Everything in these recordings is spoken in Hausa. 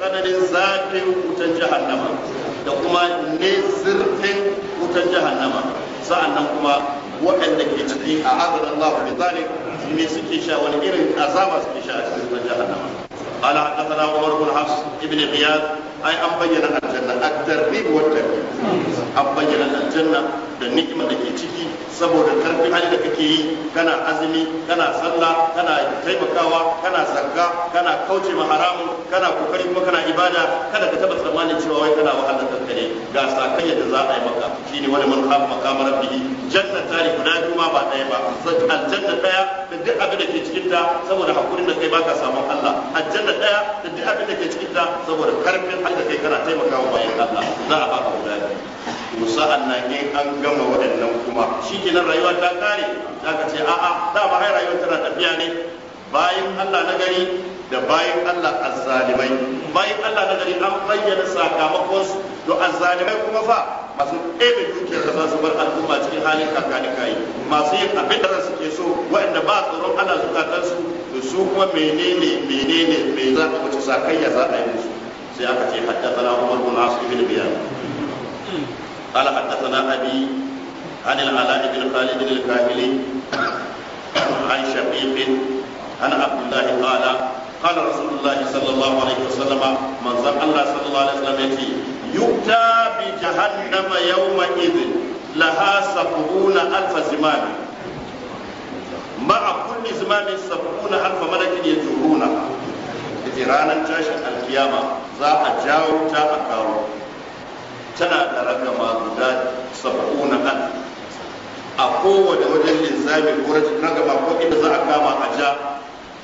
tsananin zafin wutan jahannama da kuma ne zurfin wutan jahannama nan kuma waɗanda ke ciki a azan Allah bi zalim ne suke sha wani irin azaba suke sha a cikin wutan jahannama قال حدثنا عمر بن حفص ibn غياث ai an bayyana aljanna a targhib wa tarhib an bayyana aljanna da ni'ima da ke ciki saboda karfi hali da kake yi kana azumi kana sallah kana taimakawa kana zakka kana kauce ma haramun kana kokari kuma kana ibada kada ka taba tsammanin cewa wai kana wahalar kankare ga sakan yadda za a yi maka shine wani man kama makamar rabbihi janna tari guda biyu ma ba ɗaya ba aljanna ɗaya da duk abin da ke cikin ta saboda hakurin da kai baka samun Allah aljanna ɗaya da duk abin da ke cikin ta saboda karfin halakar da kai kana taimakawa bayan Allah za a baka guda biyu sa'an nan in an gama waɗannan kuma shi ke nan rayuwa ta kare za ka ce a'a da ba hai rayuwa tana tafiya ne bayan Allah na gari da bayan Allah azzalimai bayan Allah na gari an bayyana sakamakon su to azzalimai kuma fa masu ɗebe dukiyar da za su bar al'umma cikin halin kakani kayi masu yin abin da ke so waɗanda ba tsoron ana zukatansu da su kuma menene menene me za a wuce sakayya za a yi musu sai aka ce haddathana Umar bin Asif bin Biyan قال حدثنا أبي عن العلاء بن خالد الكاهلي عن شقيق عن عبد الله قال قال رسول الله صلى الله عليه وسلم من زم الله صلى الله عليه وسلم يتي يؤتى بجهنم يومئذ لها سبعون ألف زمام مع كل زمام سبعون ألف ملك يجرونها ranar tashin kiyama za a jawo ta a kawo tana da ragama guda saba'u na kan a kowane wajen linzamin wurin ragama ko inda za a kama a ja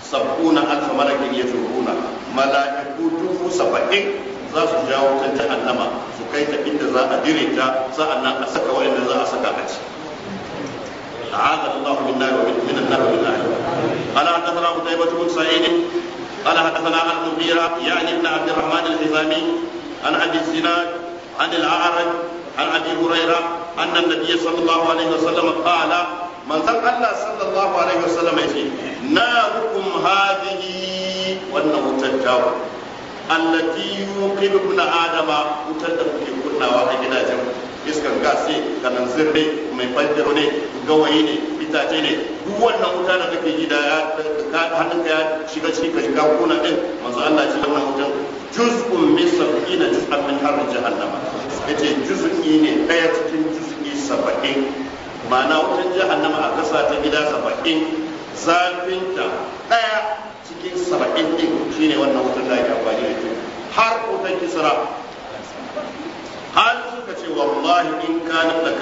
saba'u na alfa malakin ya turuna mala'iku dubu saba'in za su jawo ta jahannama su kai ta inda za a dire ta nan a saka inda za a saka a ci أعاذنا الله من النار ومن النار ومن ta قال حدثنا قتيبة بن سعيد قال حدثنا عن المغيرة يعني ابن عبد الرحمن الحزامي عن أبي الزناد عن الأعرج عن أبي هريرة أن النبي صلى الله عليه وسلم قال من ذن الله صلى الله عليه وسلم يقول ناركم هذه وأنه تجاوب التي يوقد ابن آدم وتدخل كنا واحد جناجم iskar gasi da nan ne mai fantiro ne gawayi ne itace ne duk wannan wuta da kake gida ya hannunka ya shiga ciki ka shiga kuna din manzo Allah ya ce wannan wutan juz'un min sab'ina juz'an min har jahannama yace juz'i ne daya cikin juz'i saba'in ma'ana wutan jahannama a kasa ta gida zafin zafinta daya cikin saba'in din shine wannan wutan da ake amfani da ita har wutan kisra har suka ce wallahi in ka nuna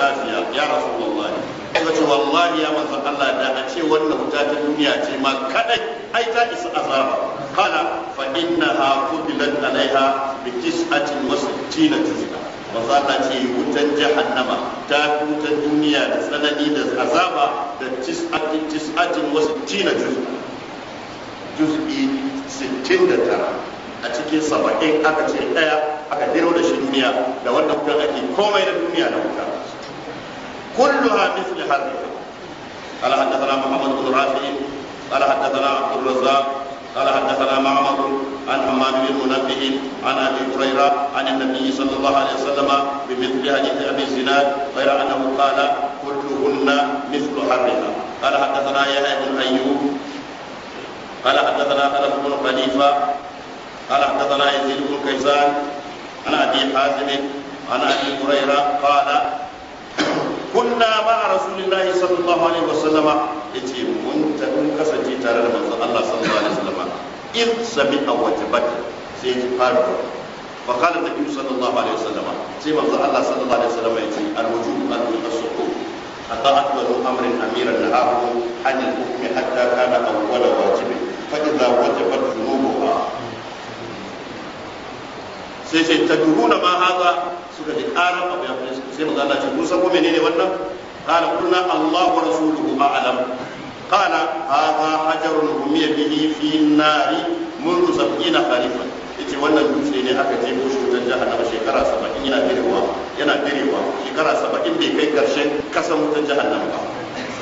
ya rasu wallahi suka ce wallahi ya manzan Allah da a ce wannan wuta ta duniya ce ma kadai ai ta isa azaba kala fa inna ha kubilat alaiha bi tis'atin wa sittina jizba manzan Allah ce wutan jahannama ta fi wutan duniya da tsanani da azaba da tis'atin tis'atin wa sittina a cikin saba'in aka ce ɗaya aka diro da shi duniya da wannan wutan ake komai da duniya da wuta kulluha misli hadhihi قال حدثنا محمد بن رافع قال حدثنا عبد الرزاق قال حدثنا معمر عن حمام بن منبه عن ابي هريره عن النبي صلى الله عليه وسلم بمثل حديث ابي الزناد غير انه قال كلهن مثل حرها قال حدثنا يحيى بن ايوب قال حدثنا خلف بن خليفه قال حدثنا يزيد بن كيسان عن ابي حازم عن ابي هريره قال كنا مع رسول الله صلى الله عليه وسلم يتي من تكون كسجي تare da manzon Allah sallallahu alaihi wasallam in sami awajibat sai ji faru فقال النبي صلى الله عليه وسلم سيما الله صلى الله عليه وسلم يتي الوجوب أن السقوط أطاعت بنو أمر أميرا نهاه عن الحكم حتى كان أول واجب فإذا وجبت ذنوبها sai ce ta ma haza suka ji karan abu ya fi sai manzo Allah ce kun san ko menene wannan qala qulna Allah wa rasuluhu a'lam qala hadha hajarun umiya bihi fi nari منذ 70 خريفا yace wannan dutse ne aka je ko shugaban jahannama shekara 70 yana direwa yana direwa shekara 70 bai kai karshen kasan mutan jahannama ba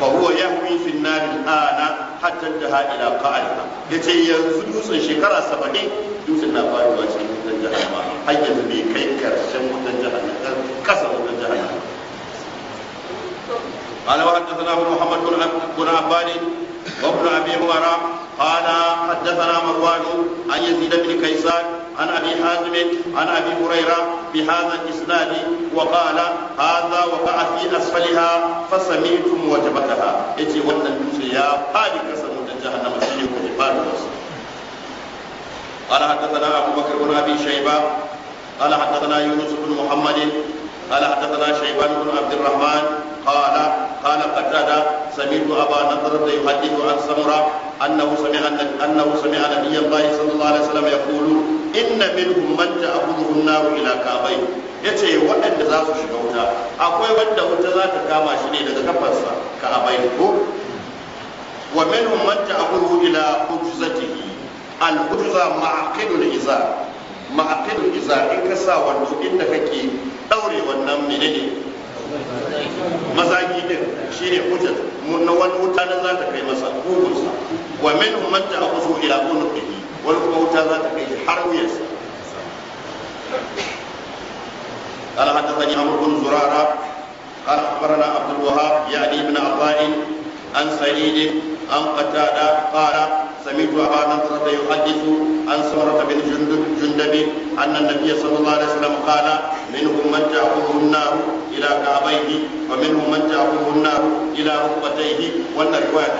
fa huwa na fi an-nar al-ana hatta intaha ila qa'riha yace yanzu dutsen shekara 70 dutsen na faruwa cikin wutan jahannama har yanzu bai kai karshen wutan jahannama kasa wutan قال وحدثنا محمد بن عباد وابن ابي عمر قال حدثنا مروان عن يزيد بن كيسان عن ابي حازم عن ابي هريره بهذا الاسناد وقال هذا وقع في أسفلها فسمعتم وجبتها يتي wannan dutse ya fadi kasa mutan jahannama shine ku fadi wasu قال حدثنا أبو بكر بن أبي شيبة قال حدثنا يونس بن محمد قال حدثنا شيبان بن عبد الرحمن قال قال قتادة سمعت أبا نضرة يحدث عن سمرة أنه سمع أنه سمع نبي الله صلى الله عليه وسلم يقول إن منهم من تأخذه النار إلى كعبيه ya ce waɗanda za su shiga wuta akwai wanda wuta za ta kama shi ne daga kafarsa ka a bai ko wa minhum man ta'muru ila ujzatihi al ujza ma'aqidul iza ma'aqidul iza in ka sa wando inda kake daure wannan menene mazaki din shine hujjar na wani wuta da za ta kai masa kugunsa wa minhum man ta'khudhu ila unuqihi wal wuta za ta kai har wuyarsa قال حدثني عمرو بن زراره قال اخبرنا عبد الوهاب يعني ابن عطاء عن سعيد عن قتادة قال سمعت أبا نضرة يحدث عن سمرة بن جندب, جندب أن النبي صلى الله عليه وسلم قال منهم من تأخذه النار إلى كعبيه ومنهم من تأخذه النار إلى ركبتيه وأن الرواية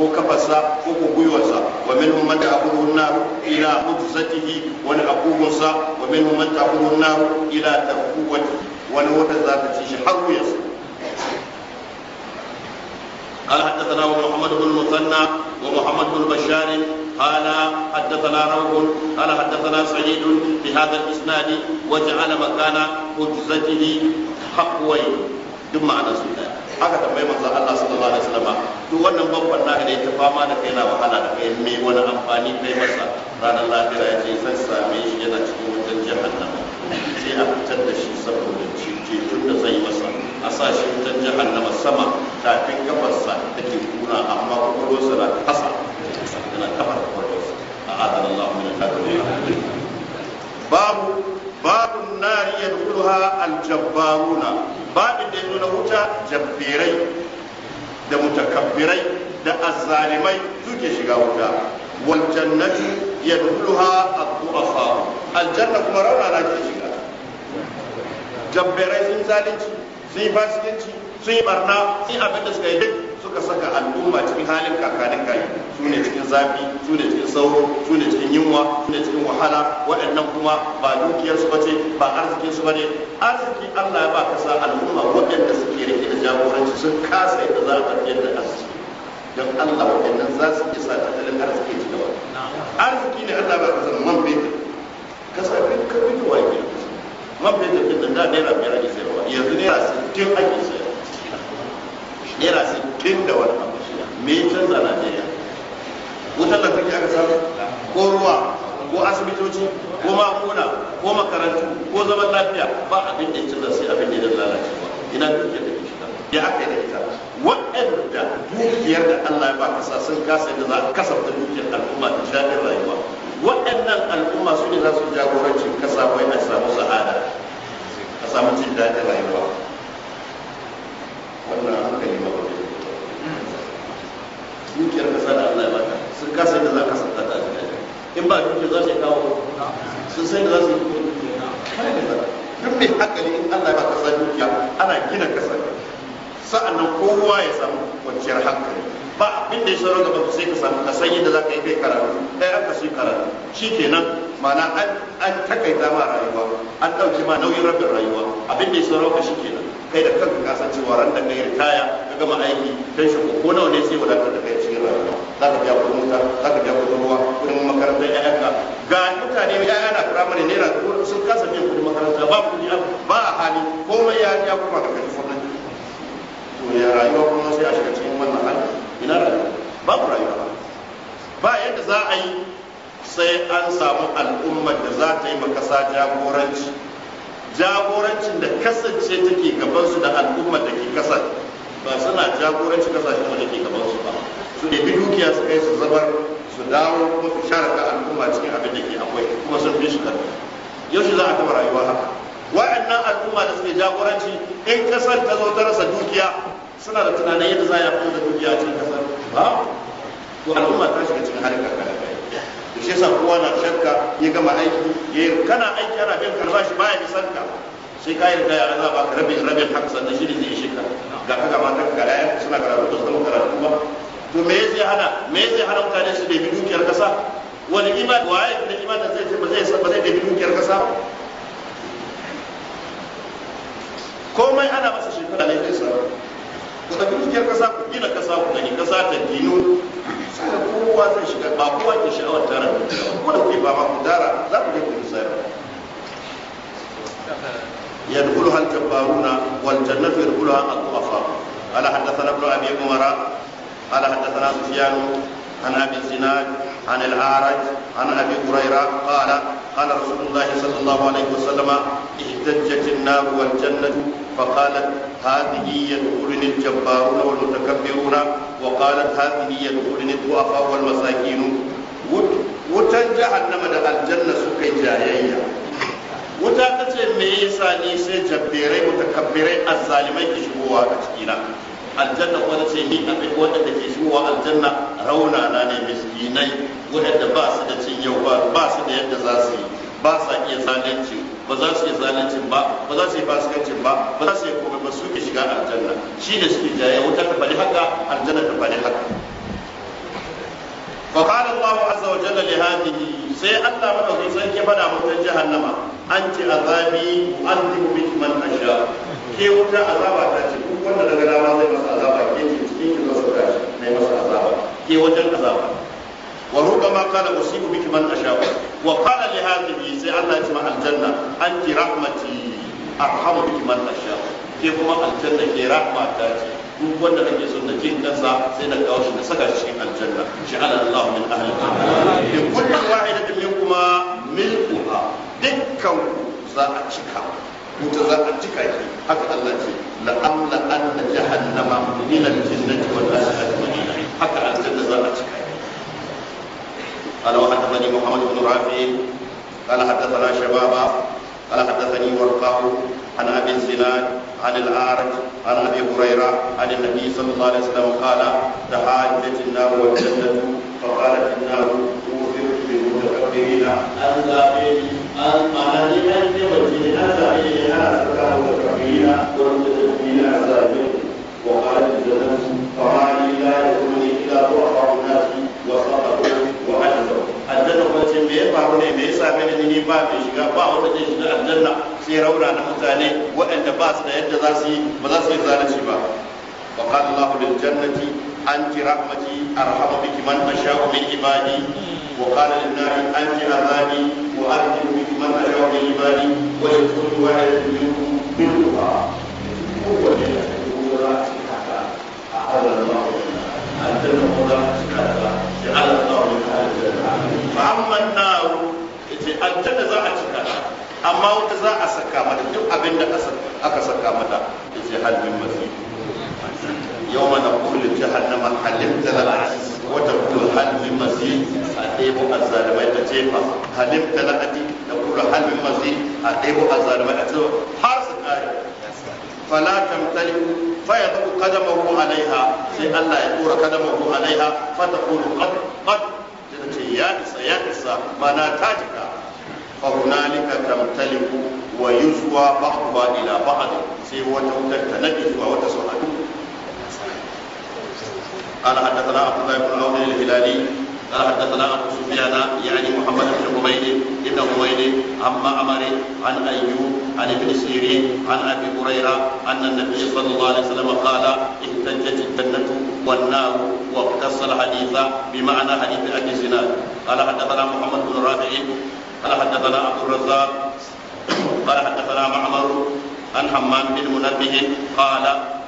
ko kafarsa ko gwiwarsa wa min man ta'khudhu an-nar ila qudusatihi wani naqubunsa wa min man ta'khudhu an-nar ila tarkuwatihi wani wata za ta ci shi har wuyarsa قال حدثنا محمد بن المثنى ومحمد بن بشار قال حدثنا روح قال حدثنا سعيد بهذا الاسناد وجعل مكان حجزته حقوين duk ma'ana su haka tambayi manzo Allah sallallahu alaihi wasallam to wannan babban naka da yake fama da kai na wahala da kai me wani amfani kai masa ranar lafiya ya ce zan same shi yana cikin wajen jahannama sai a fitar da shi saboda cikin tun da zai masa a sa shi wutar jahannama sama tafin gabarsa ke kuna amma kwakwalwarsa na kasa yana kafa da kwakwalwarsa a adana Allah mai ta babu babun nari ya ha aljabbaruna babin da ya nuna wuta jabbirai da mutakabbirai da azzalimai suke shiga wuta wal jannatu yadkhuluha ad-du'afa aljanna kuma rauna na ke shiga jabbirai sun zalunci sun yi fasikanci sun yi barna sun abin da suka yi duk suka saka al'umma cikin halin kakanin kayi su ne cikin zafi su ne cikin sauro su ne cikin yunwa su ne cikin wahala waɗannan kuma ba dukiyarsu ba ce ba arzikinsu ba ne arziki allah ya ba kasa al'umma waɗanda suke rike da jagoranci sun kasa yadda za a tafiyar da arziki don allah waɗannan za su isa tattalin arziki ci gaba arziki ne allah ba sa man fetur kasa fetur kawai da wani man fetur ɗin da naira biyar ake sayarwa yanzu naira sittin ake sayarwa naira sittin da wani abu me ya canza najeriya wutar lantarki aka samu ko ruwa ko asibitoci ko magunguna ko makarantu ko zaman lafiya ba abin da ya canza sai abin da ya lalace ina dukiyar da ke shiga ya aka yi da ita waɗanda dukiyar da Allah ya ba kasa sun kasa da za a kasafta dukiyar al'umma da daɗin rayuwa waɗannan al'umma su ne za su jagoranci ka samu yana samu sa'ada a samu cin daɗin rayuwa wannan kai ma ba zai dukiyar kasa da Allah ya baka su kasa da za ka santa ta jin in ba duke za su kawo sun sai da za su yi duk mai hankali in Allah ya baka sa dukiya ana gina kasa sa'annan kowa ya samu kwanciyar hankali ba abin da ya sauran gaba sai ka samu ka san yadda za ka yi kai karatu kai aka su karatu shi kenan ma'ana an takaita ma rayuwa an ɗauki ma nauyin rabin rayuwa abin da ya sauran ka shi kenan kai da kanka ka san cewa ran da kai ritaya ka gama aiki kai shi ko nawa ne sai wadatar da kai cikin rayuwa za ka biya kuɗin wuta za ka biya kuɗin ruwa kuɗin makarantar ƴaƴanka ga mutane ƴaƴa na firamare naira sun kasa biyan kuɗin makaranta ba kuɗi ba a hali komai ya ya kuma ka kai to ya rayuwa kuma sai a shiga cikin wannan hali ina rayuwa babu rayuwa ba yadda za a yi sai an samu al'ummar da za ta yi makasa jagoranci jagorancin da kasance take su da al'ummar da ke kasar ba suna jagoranci kasashen wanda ke su ba su ɗebi dukiya su kai su zabar su dawo kuma su sharaka al'umma cikin abin da ke akwai kuma sun fi shi yaushe za a taɓa rayuwa haka wa'annan al'umma da suke jagoranci in kasar ta zo ta rasa dukiya suna da tunanin yadda za a yi da dukiya cikin kasar ba to al'umma ta shiga cikin harkar kada kai shi yasa kowa na shakka ya gama aiki ya kana aiki ana bin karba shi baya bisan sarka sai ka da ya raza ba ka rabin rabin haka sannan shi ne zai shi ka ga haka ta kara ga suna karatu da su karatu ba to me zai hana me zai hana mutane su da dukiyar kasa wani iman waye da iman da zai ce ba zai ba zai da dukiyar kasa komai ana masa shekara ne zai samu ku tafi dukiyar kasa ku gina kasa ku gani kasa ta dino sai kowa zai shiga ba kowa ke sha'awar tara da kuma da kuke ba ma ku tara za ku je ku yi sayar يدخلها الجبارون والجنة يدخلها الضعفاء قال حدثنا ابن أبي عمر قال حدثنا سفيان عن أبي الزناد عن الأعرج عن أبي هريرة قال قال رسول الله صلى الله عليه وسلم اهتجت النار والجنة فقالت هذه يدخلني الجبارون والمتكبرون وقالت هذه يدخلني الضعفاء والمساكين wutan jahannama da aljanna suka yi jayayya wuta ta ce me yasa ni sai jabberai mutakabbirai azzalimai ke shigowa a cikina aljanna kuma ce ni abin waɗanda ke shigowa aljanna rauna na ne miskinai waɗanda ba su da cin yau ba su da yadda za su yi ba sa iya zalunci ba za su yi zalincin ba ba za su yi fasikancin ba ba za su yi komai ba su ke shiga aljanna shi ne suke jaye wutar da fali haka aljanna da fali haka fa qala Allah azza wa jalla li hadhihi sai Allah madaukakin sarki ya fada mutan jahannama An anti azabi anzibu biki man asha ke wuta azaba ta ce ko wanda daga dama zai masa azaba ke cikin ki zo sauka ne masa azaba ke wajen azaba وربما قال أصيب بك من أشاء وقال لهذه سألنا اسمع الجنة أنت رحمتي أرحم بك من أشاء كيف ما الجنة كي رحمة تاتي duk wanda kake son da jin kansa sai na kawo shi na saka shi cikin aljanna ja'ala Allah min ahli aljanna bi kulli wahidatin minkuma milkuha dukkan za a cika wuta za a cika haka Allah ce jahannama haka aljanna za a cika قال وحدثني محمد بن رافع قال حدثنا شبابا قال حدثني ورقاء عن ابي الزناد عن الاعرج عن ابي هريره عن النبي صلى الله عليه وسلم قال تحاجت النار والجنه فقالت النار توثق بالمتكبرين ان زابين ان انا لمن وجهي ان زابين انا سكر وقالت الجنه فما لي لا يكون الا ضعف الناس وسقط faru ne me yasa bai da ni ba mai shiga ba wanda zai shiga aljanna sai raura na mutane waɗanda ba su da yadda za su yi ba za su yi zalunci ba wa qala Allahu lil jannati anti rahmati arhamu biki man asha'u min ibadi wa qala lin nari anti azabi wa arhamu biki man asha'u min ibadi wa yakunu wa'idun minkum bilha kowanne ya ce aljanna za a cika amma wata za a saka mata duk abin da aka saka mata da ce halin mazi yau mana kullum jahannama halin talalaci wata kullum halin mazi a ɗebo a zalimai ta ce jefa halin talalaci da kullum halin mazi a ɗebo a zalimai a cewa har su kare fala tamtali fa ya tabu qadamahu alaiha sai Allah ya tura qadamahu alaiha fa taqulu qad qad ta ce ya isa ya isa mana ta jika فهنالك تمتلك ويزوى بعضها إلى بعض سي تنجس وتسوى قال حدثنا عبد الله بن عون الهلالي قال حدثنا ابو سفيان يعني محمد بن حميد بن حميد عن معمر عن ايوب عن ابن سيرين عن ابي هريره ان النبي صلى الله عليه وسلم قال احتجت الجنه والنار واقتص الحديث بمعنى حديث ابي زناد قال حدثنا محمد بن رافع قال حدثنا عبد الرزاق قال حدثنا معمر عن حماد بن منبه قال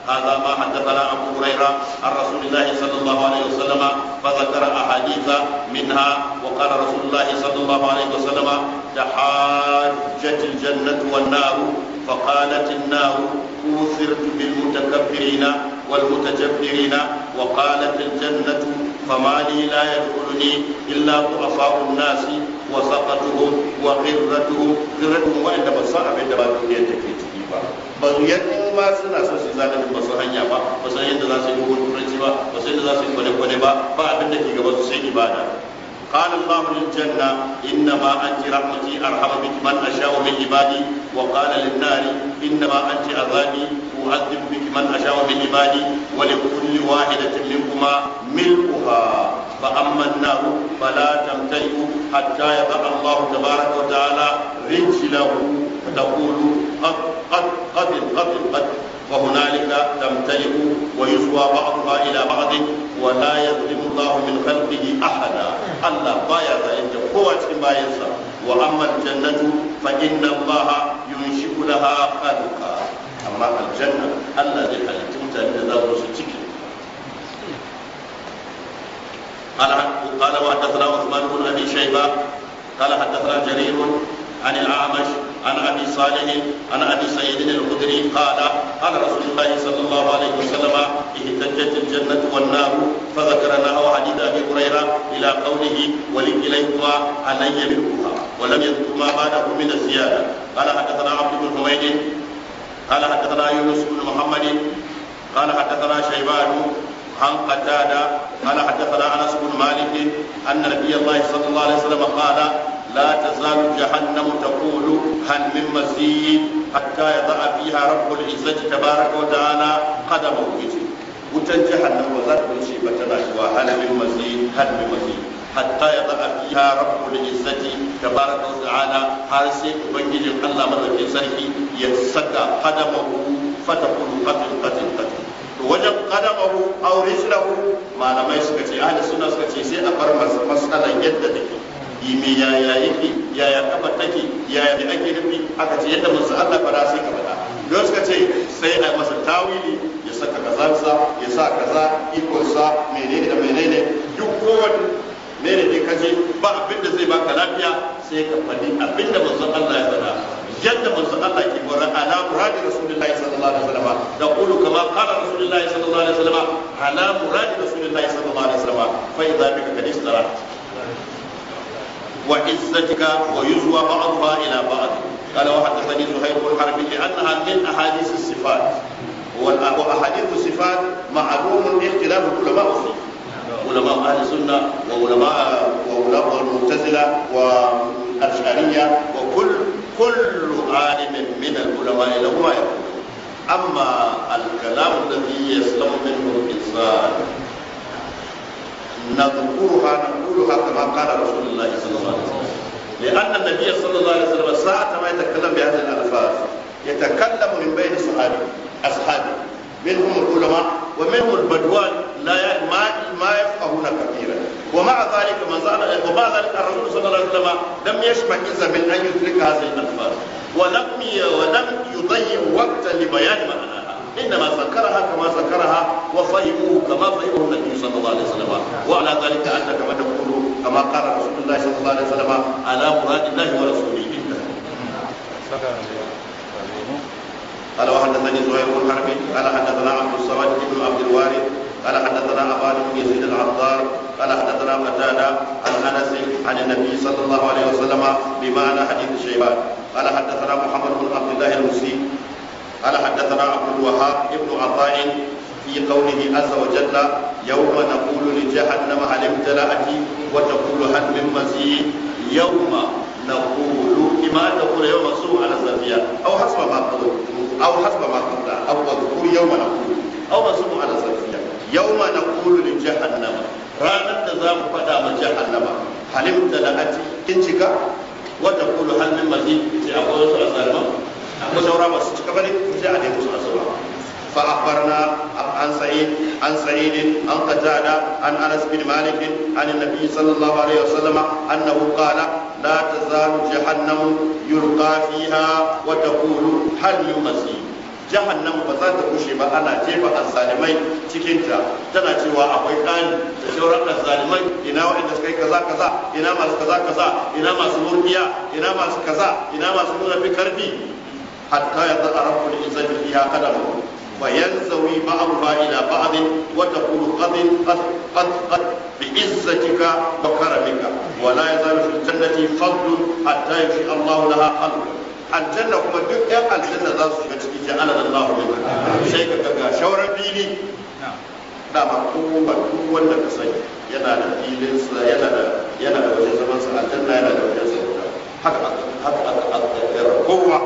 هذا ما حدثنا ابو هريره عن رسول الله صلى الله عليه وسلم فذكر احاديث منها وقال رسول الله صلى الله عليه وسلم تحاجت الجنه والنار فقالت النار اوثرت بالمتكبرين والمتجبرين وقالت الجنه فما لي لا يدخلني الا ضعفاء الناس wa saqatuhum wa qirratuhum qirratuhum wa'anda ba san abin da ba duniyar ke ciki ba ba yadda ma suna so su zaka ba su hanya ba ba san yadda za su yi turanci ba ba san yadda za su yi kwale-kwale ba ba abin da ke gaba su sai ibada قال الله للجنة إنما أنت رحمتي أرحم بك من أشاء من عبادي وقال للنار إنما أنت عذابي أعذب بك من أشاء من عبادي ولكل واحدة منكما ملؤها فأما النار فلا تمتلئ حتى يضع الله تبارك وتعالى رجله فتقول قد قد قد قد قد, قد وهنالك تمتلئ ويسوى بعضها إلى بعض ولا يظلم الله من خلقه أحدا الله بايا عند قوة بايسا وأما الجنة فإن الله ينشئ لها خلقا أما الجنة الذي حلتمت أن قال قال وحدثنا عثمان بن ابي شيبه قال حدثنا جرير عن الاعمش عن ابي صالح عن ابي سعيد الخدري قال قال رسول الله صلى الله عليه وسلم اهتجت الجنه والنار فذكر نحو حديث ابي هريره الى قوله ولكليهما علي منهما ولم يذكر ما بعده من الزياده قال حدثنا عبد بن حميد قال حدثنا يونس بن محمد قال حدثنا شيبان عن قتاده قال حدثنا انس بن مالك ان نبي الله صلى الله عليه وسلم قال لا تزال جهنم تقول هل من مزيد حتى يضع فيها رب العزة تبارك وتعالى قدمه يجي وتن جهنم وذات شيء بتناشوا هل من مزيد هل من مزيد حتى يضع فيها رب العزة تبارك وتعالى حارسي وبنجي الله مرة في سرقي يسكى قدمه فتقول قتل قتل قتل wajen kadamahu aure rishlahu malamai suka ce ahli sunna suka ce sai a bar masalan yadda take yi ya ya yake ya kafar take ya da ake nufi aka ce yadda manzo Allah fara sai ka faɗa don suka ce sai a masa tawili ya saka kazansa ya sa kaza sa menene da menene duk kowanne mene ne kaje ba abin da zai baka lafiya sai ka faɗi abin da manzo Allah ya faɗa yadda manzo Allah ke bara ala muradi rasulullahi sallallahu alaihi wasallam da qulu kama qala rasulullahi sallallahu alaihi wasallam ala muradi rasulullahi sallallahu alaihi wasallam fa idza bika kadistara وعزتك ويزوى بعضها إلى بعض قال وحدثني زهير بن حرب لأنها من أحاديث الصفات وأحاديث الصفات معلوم اختلاف العلماء فيه علماء أهل السنة وعلماء وعلماء المعتزلة والأشعرية وكل كل عالم من العلماء له ما يقول أما الكلام الذي يسلم منه الإنسان نذكرها نقولها كما قال رسول الله صلى الله عليه وسلم لأن النبي صلى الله عليه وسلم ساعة ما يتكلم بهذه الألفاظ يتكلم من بين صحابه أصحابه منهم العلماء ومنهم البدوان لا ما ما يفقهون كثيرا ومع ذلك ما زال ومع ذلك الرسول صلى الله عليه وسلم لم يشمئز من ان يدرك هذه الالفاظ ولم ولم يضيع وقتا لبيان معناها إنما ذكرها كما ذكرها وفهموه كما فهمه النبي صلى الله عليه وسلم وعلى ذلك أن كما تقول كما قال رسول الله صلى الله عليه وسلم على مراد الله ورسوله قال وحدثني زهير بن حرب قال حدثنا عبد الصمد بن عبد الوارث قال حدثنا عباد بن يزيد العطار قال حدثنا قتادة عن انس عن النبي صلى الله عليه وسلم بمعنى حديث شيبان قال حدثنا محمد بن عبد الله المسي قال حدثنا عبد الوهاب ابن عطاء في قوله عز وجل يوم نقول لجهنم هل امتلأت وتقول هل من مزيد يوم نقول إما أن نقول يوم سوء على الزلفية أو حسب ما قدر أو حسب ما قدر أو نقول يوم نقول أو سوء على الزلفية يوم نقول لجهنم ranar da za mu faɗa ma jahannama halim da la'ati kin cika wata kulu hannun mazi ce akwai wasu a ko saura ba su cika bane ko sai a dai musu asuba fa akbarna an sa'id an sa'id an qatada an anas bin malik an annabi sallallahu alaihi wasallam annahu qala la tazalu jahannam yurqa fiha wa taqulu hal min masih jahannam ba za ta bushe ba ana jefa azzalimai cikin ta tana cewa akwai kani da shauran azzalimai ina wa'anda suka yi kaza ina masu kaza kaza ina masu murbiya ina masu kaza ina masu nuna karfi hatta ya zaɗa rabbul izzati fiha qadamahu fa yanzawi ba'dha ila ba'd wa taqulu qad qad qad bi izzatika wa karamika wa la yazalu fil jannati fadlun hatta yushi Allahu laha qalban aljanna kuma duk ɗan aljanna za su shiga cikin ja'ala da Allah min sai ka ga shauran fili dama kowa duk wanda ka sani yana da filin sa yana da yana da wajen sa aljanna yana da wajen sa haka haka haka haka kowa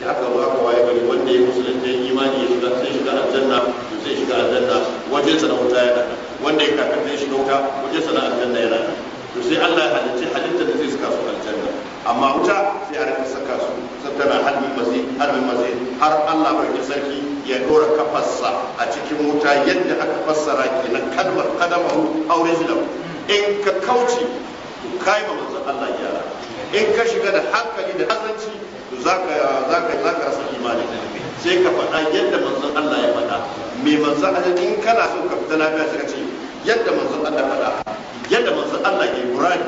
sai aka zo aka waye gari wanda ya musulunta ya imani ya shiga sai shiga aljanna to sai shiga aljanna wajen sa na wuta yana wanda ya kafin sai shiga wuta wajen sa na aljanna yana to sai Allah ya halicci halitta da zai saka su aljanna amma wuta sai a rika saka su tana harbin mazi harbin mazi har Allah bai sarki ya dora kafarsa a cikin wuta yadda aka fassara kenan kalmar kadamahu aure zilahu in ka kauce ka yi ma manzon Allah gyara in ka shiga da hankali da azanci Za ka zaka zaka rasa imani sai ka faɗa yadda manzon Allah ya faɗa me manzon Allah in kana so ka fita lafiya sai ka ce yadda manzon Allah faɗa yadda manzon Allah ya yi burani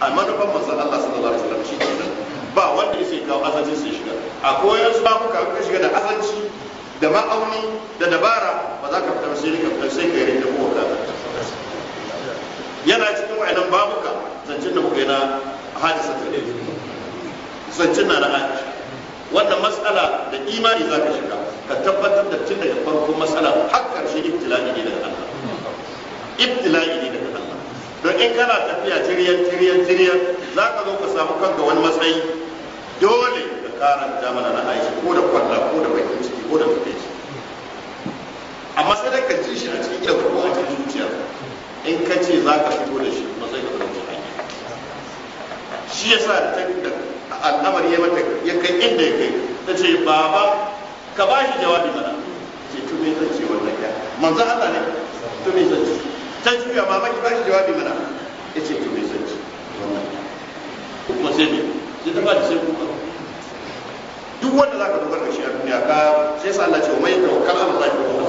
a manufan manzon Allah sallallahu alaihi wasallam shi kenan ba wanda ya sai kawo asalci sai shiga a akwai wasu babuka ka shiga da asalci da ma'auni da dabara ba za ka fita ba sai ka fita sai ka yi da kowa yana cikin wa'annan babuka zancen da muka yi na hadisa ta zancen na aisha wannan matsala da imani za ka shiga ka tabbatar da tun daga farkon matsala har karshe ibtila'i ne daga Allah ibtila'i ne daga Allah don in kana tafiya tiriyar tiriyar tiriyar za ka zo ka samu kanka wani matsayi dole ka karanta mana na aisha ko da kwalla ko da bakin ciki ko da tafiya amma sai dai ka ji shi a cikin yau ko a cikin zuciya in ka ce za ka fito da shi matsayin da zai shi ya sa ta da al'amari ya mata ya kai inda ya kai ta ce baba ka ba shi jawabi mana ce to me zan ce wannan ya manzo Allah ne to me zan ce ta juya baba ki ba shi jawabi mana ya ce to me zan ce wannan kuma sai ne sai ta ba shi sai kuma duk wanda zaka dubar da shi a duniya ka sai sa Allah ce mai tawakkal Allah ya kuma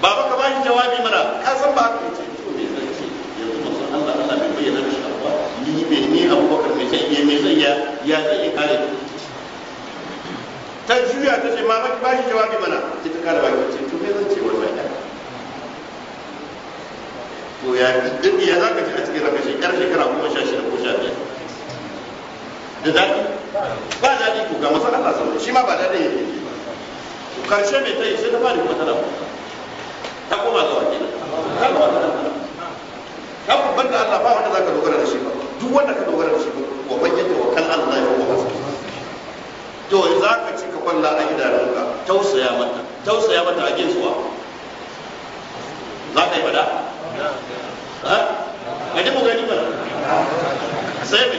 baba ka ba shi jawabi mana ka san ba ka ce to me zan ce yanzu manzo Allah Allah bai bayyana shi ni mai ni abubakar mai zai iya mai sai ya zai iya kare ta juya ta ce mama ki bashi jawabi mana ki ta kare baki ce to me zan ce wannan ya to ya duk ya zaka ji a cikin ranka shekara shekara goma sha shida ko sha biyar da daɗi ba daɗi ko ga masa ta sauri shi ma ba daɗi yake karshe mai ta yi sai ta bani kuma tana ta koma ga wakilin ta koma ga wakilin kafin banda Allah ba wanda zaka dogara da shi ba duk wanda ka dogara da shi ba wa bayyana tawakkal Allah ya kuma to za ka ci ka kwalla a idanunka tausaya mata tausaya mata a gizuwa za ka yi fada a ji gani ba sai me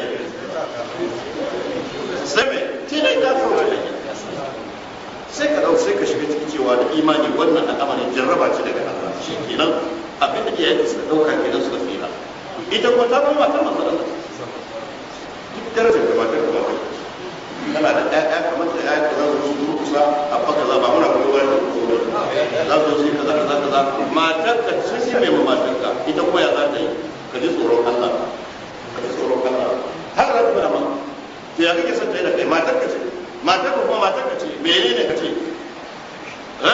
sai me tilai ka kawo sai ka dau sai ka shiga cikin cewa da imani wannan al'amarin jarraba ce daga Allah shi kenan abin da iyayen suka dauka kenan suka tsira ita kuma ta zama matar manzon Allah duk darajar da matar da matar kana da ƴaƴa kamar da ƴaƴa kaza su kusa a baka za ba muna kuma wani za su ce kaza kaza kaza matar ka sun shi mai matar ka ita kuma ya za ta yi ka ji tsoron Allah ka ji tsoron Allah har rabu da ma to ya kake son ta yi da kai matar ka ce matar ka kuma matar ka ce menene ka ce ha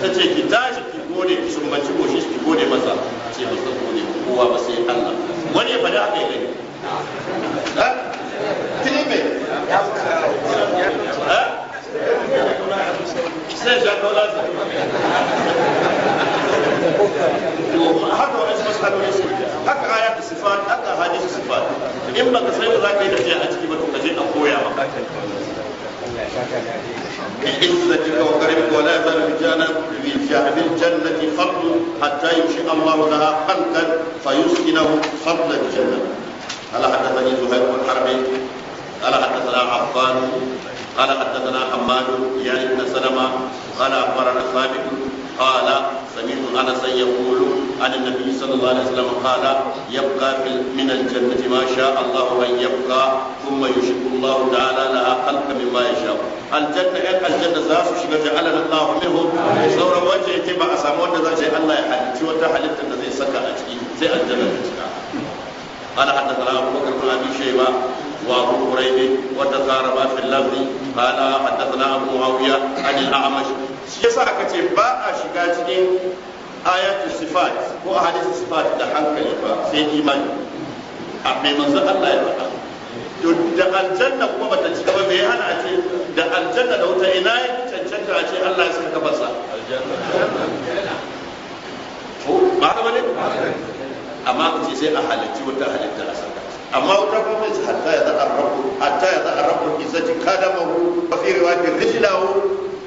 ta ce ki tashi ki gode ki sumbaci goshin ki gode masa ce ba ta gode kowa ba sai Allah wani ya faɗa haka ya gani tilime sai ya kawo lafiya haka wani matsaloli su haka aya da sifat haka hadisi sifat in baka sai ba za ka yi tafiya a ciki ba to ka je a koya maka بعزتك وكرمك ولا يزال في الجنة خرد حتى ينشئ الله لها خلقا فيسكنه فضل الجنة قال حدثني زهير بن حرب قال حدثنا عفان قال حدثنا حماد يعني ابن سلمة قال أخبرنا ثابت قال سمعت انسا يقول عن النبي صلى الله عليه وسلم قال يبقى من الجنه ما شاء الله ان يبقى ثم يشب الله تعالى لها خلق مما يشاء الجنه ان الجنه زاسو شيغا جعلنا الله منهم سورا وجه يتي با اسامو وند زاشي الله يحلتي وتا حلتن da zai saka a ciki sai aljanna ta cika قال حدثنا ابو بكر بن ابي شيبه وابو قريب وتقاربا في اللفظ قال حدثنا ابو معاويه عن الاعمش يسا كتي با اشيغا cikin ayatul sifat ko ahadithul sifat da hankali ba sai imani amma manzo Allah ya faɗa da aljanna kuma bata cika ba ce da aljanna da wuta ina ya cancanta a ce Allah ya saka kafarsa ba ka bane amma ka sai a halitta wata halitta a amma wata kuma yace hatta ya za'a rabu hatta ya za'a rabu izati kadamahu ba fi riwayatin rijlahu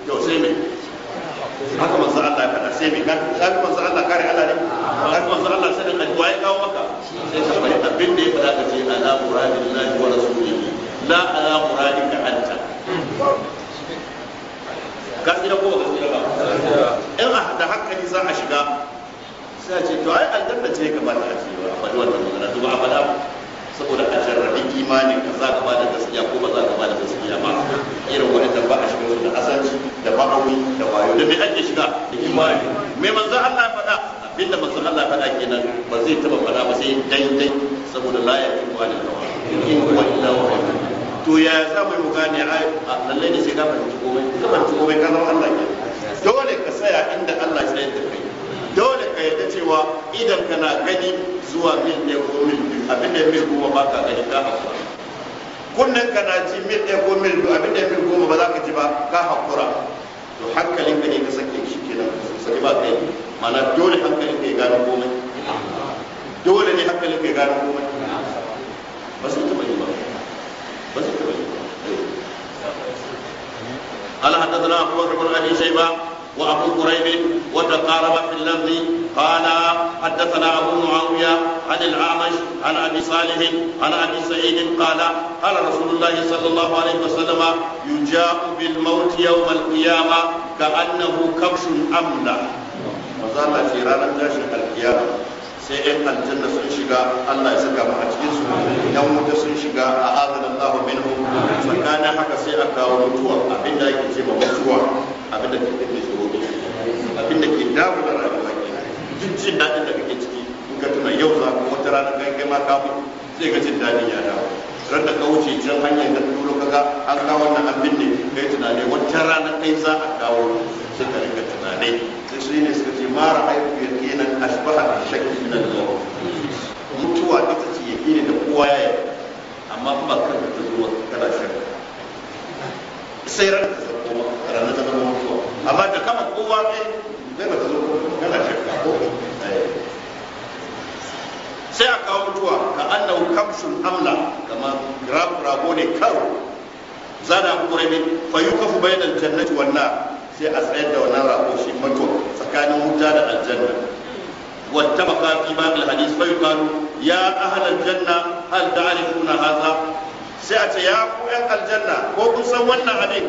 to sai me haka manzo Allah ya faɗa sai me kan sai manzo Allah kare Allah ne kan manzo Allah sanin addu'a ya kawo maka sai ka bari abin da ya faɗa ka ce ala muradillahi wa rasulihi la ala muradika anta gaskiya ko gaskiya ba in a da hankali za a shiga sai a ce to ai aljanna ce ba ta ake ba wannan magana to ba a faɗa ba saboda a jarrabin imanin ka za ka bada gaskiya ko ba za ka bada gaskiya ba irin da ba a shiga da asanci da ma'awi da wayo da me ake shiga da imani me manzo Allah ya faɗa abinda manzo Allah ya faɗa kenan ba zai taba faɗa ba sai daidai saboda la ya fi wani hawa to ya za mu yi gane a lallai ne sai ka fahimci komai ka fahimci komai ka zama Allah ke dole ka tsaya inda Allah ya tsaya da kai dole ka yadda cewa idan kana gani zuwa mil ɗaya ko mil biyu abin da mil goma ba ka gani ka haƙura kunnen kana ji mil ɗaya ko mil biyu abin da mil goma ba za ka ji ba ka haƙura to hankalin ka ne ka sake shi kenan sai ba yi mana dole hankalin ka ya gano komai dole ne hankalin ka ya gano komai ba su taɓa yi ba ba su taɓa yi ba قال eh. وابو قريب وتقارب في اللفظ قال حدثنا ابو معاويه عن الاعمش عن ابي صالح عن ابي سعيد قال قال رسول الله صلى الله عليه وسلم يجاء بالموت يوم القيامه كانه كبش املا وزال في رانا تاشر القيامه sai yan aljanna sun shiga Allah ya saka mu a cikin su yan wuta sun shiga a azan Allah minhu tsakanin haka sai a kawo mutuwa abinda yake ce zai ga cin daɗin ya dawo ran da kauce can hanyar da turo kaga an ga wannan abin ne kai tunane wancan ranar kai za a dawo sai ka rinka tunane sai su ne suka ce mara aiki ya kenan ashbaha shakki na al-maut mutuwa ita ce ne da kowa ya yi amma ba kan da ta zuwa kana shakka sai ran da ta koma ranar ta zama mutuwa amma da kama kowa ne zai ba ta zo kana shakka ko sai a kawo mutuwa ka annahu kamshun amla kama rabu rago ne karo zana kurebe fa yukafu bainal jannati wan nar sai a tsayar da wannan rago shi mutu tsakanin wuta da aljanna wattabaqa fi ba'd alhadith fa yuqalu ya ahla aljanna hal ta'rifuna haza sai a ce ya ku yan aljanna ko kun san wannan abin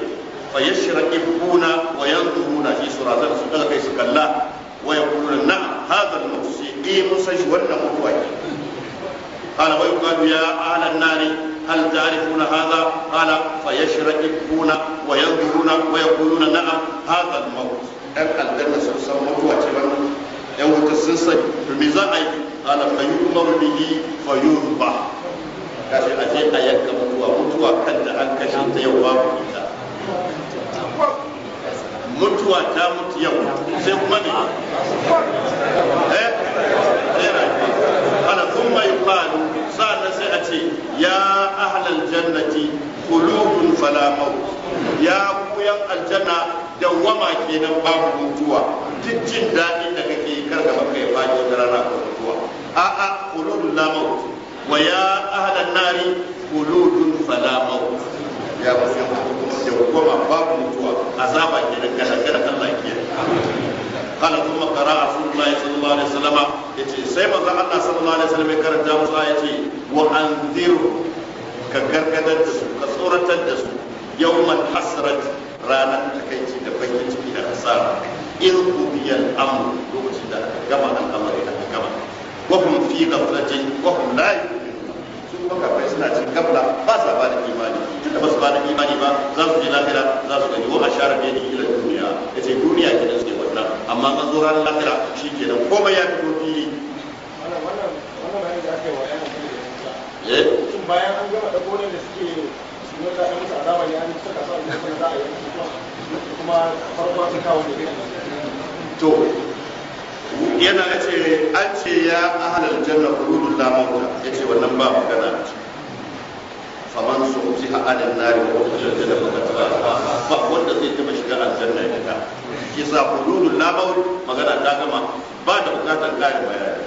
fa yashraqibuna wa yanzuruna fi suratul su daga kai su kalla ويقولون نعم هذا الموت إيه موسى ولا موت قال ويقال يا أهل النار هل تعرفون هذا؟ قال فيشركون وينظرون ويقولون نعم هذا الموت ɗan aljanna sun san mutuwa ce ba ɗan wuta sun sani to me a yi ala fayyumar bihi fayyumba ta ce a je a yanka mutuwa mutuwa kan mutuwa ta mutu yau sai kuma ne eh ana kuma yi faru sa'an sai a ce ya ahalar jannati kulubun falamau ya kuyan aljanna da wama kenan babu mutuwa duk jin daɗi da kake kar maka ya faɗi wata rana ko mutuwa a'a kulubun lamau wa ya ahalar nari kulubun falamau ya kuyan da babu mutuwa azaba ke da gada a sun yace sai manzo Allah sallallahu ya karanta musu ayati ce wa anziru da su ka tsoratar da su yawmal hasrat ranar takaici da bakin da hasara in kubiyar da gama al'amari da gama su kuma kafai suna cin gabla ba sa ba da imani tunda ba su ba da imani ba za su je lahira za su gani wa ashara bi ila duniya yace duniya kenan suke wannan amma an zo ran ke nan komai ya fito fili eh? suke to yana ce an ce ya ahalar janna qulul lamauta ya ce wannan ba magana a faman su fi ha'adan nari wa da janna ba wanda zai taba shiga aljanna ya ta kisa qulul la mawta magana ta gama ba da bukatar ƙarin bayani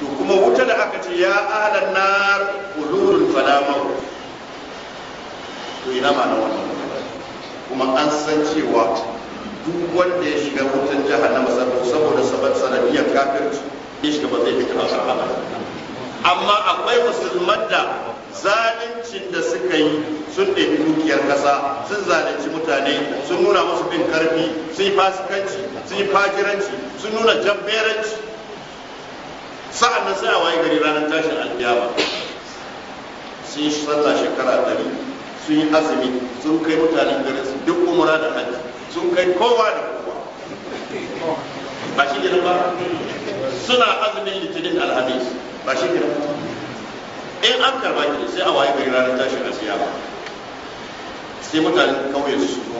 to kuma wuta da aka ce ya ahalar nar qulul fala to ina ma na wannan kuma an san cewa duk wanda ya shiga wutan jahannama saboda sabab sanadiyar kafirci ya shiga ba zai fita ba amma akwai musulman da zaluncin da suka yi sun ɗebi dukiyar ƙasa sun zalunci mutane sun nuna musu bin karfi sun yi fasikanci sun yi fajiranci sun nuna jamberanci sa'an nan sai a waye gari ranar tashin alkiyama sun yi sallah shekara ɗari sun yi azumi sun kai mutanen garin su duk umara da hajji sun kai kowa da kowa ba shi kenan ba suna azumin litinin alhamis ba shi kenan in an karba ki sai a waye gari ranar tashin siya ba sai mutanen kauye su zo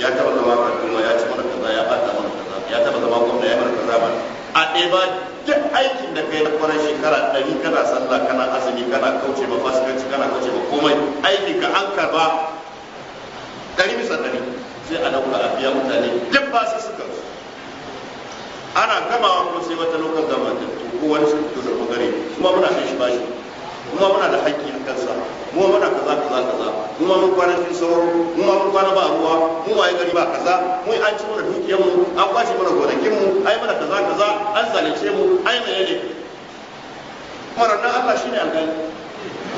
ya taba zama kaduna ya ci mana kaza ya bata mana kaza ya taba zama gwamna ya mana kaza ba a ɗeba duk aikin da kai na kwanan shekara ɗari kana sallah kana azumi kana kauce ma fasikanci kana kauce ma komai aiki ka an karba ɗari bisa ɗari sai a ɗauka a biya mutane duk ba su suka ana gamawa ko sai wata lokacin zamantattu ko wani sun fito da magare kuma muna shi bashi kuma muna da haƙƙi a kansa mu muna kaza kaza kaza mu ma mun kwana cikin sauro mu ma mun kwana ba ruwa mu waye gari ba kaza mu an ci mana dukiyar mu an kwace mana gonakin mu ai mana kaza kaza an zalunce mu ai menene kuma ranar Allah shine alƙali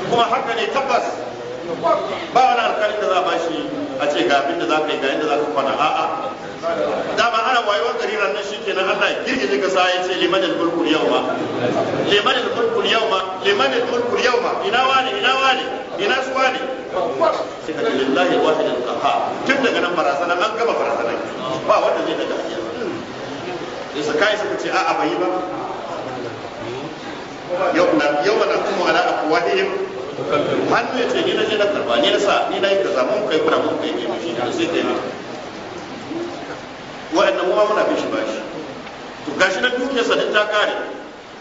kuma haka ne tabbas ba wani alƙalin da za a bashi a ce ga abin da za ka yi ga yadda za ka kwana a'a dama ana wayewar gari nan shi kenan Allah ya girgije ka sa ya ce liman al-mulkul yawma liman al-mulkul yawma liman al-mulkul yawma ina wani ina wani ina su wani sai ka ce lillahi wahid al-qahhar tun daga nan barazana an gama barazana ba wanda zai daga iya yasa kai suka ce a'a bai ba yau na yau na kuma ala afwahihim hannu ya ce ni na je na karba ni na sa ni na yi kaza mun kai kuna mun kai ne mu shi ne sai wa'annan mu muna bin shi bashi to gashi na dukiyar sa ta kare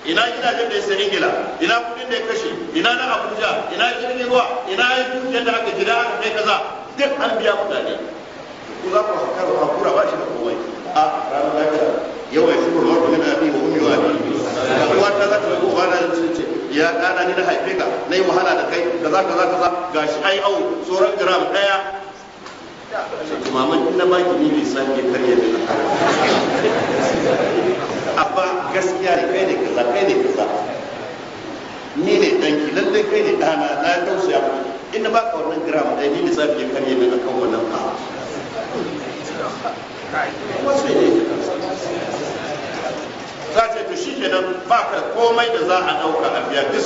ina gidajen da ya sai ingila ina kudin da ya kashe ina na abuja ina jirgin ruwa ina ya dukiyar da aka gida aka kai kaza duk an biya mutane ku za ku hakura ba shi da kowai a ranar lafiya yau ya shukur mafi yana biyu biwa da uwata za ta zo ubana da su ce ya dana ni na haife ka na yi wahala da kai da za ka za ka za gashi ai au tsoron gram daya maman ina ba ki bai san ke karya da abba gaskiya ne kai ne kaza kai ne kaza ni ne danki lallai kai ne dana na tausaya mu ina ba ka wannan gram ɗaya ni lissafi ya karya da akan wannan ba wasu ne za ce to nan, ba ka komai da za a dauka a biya duk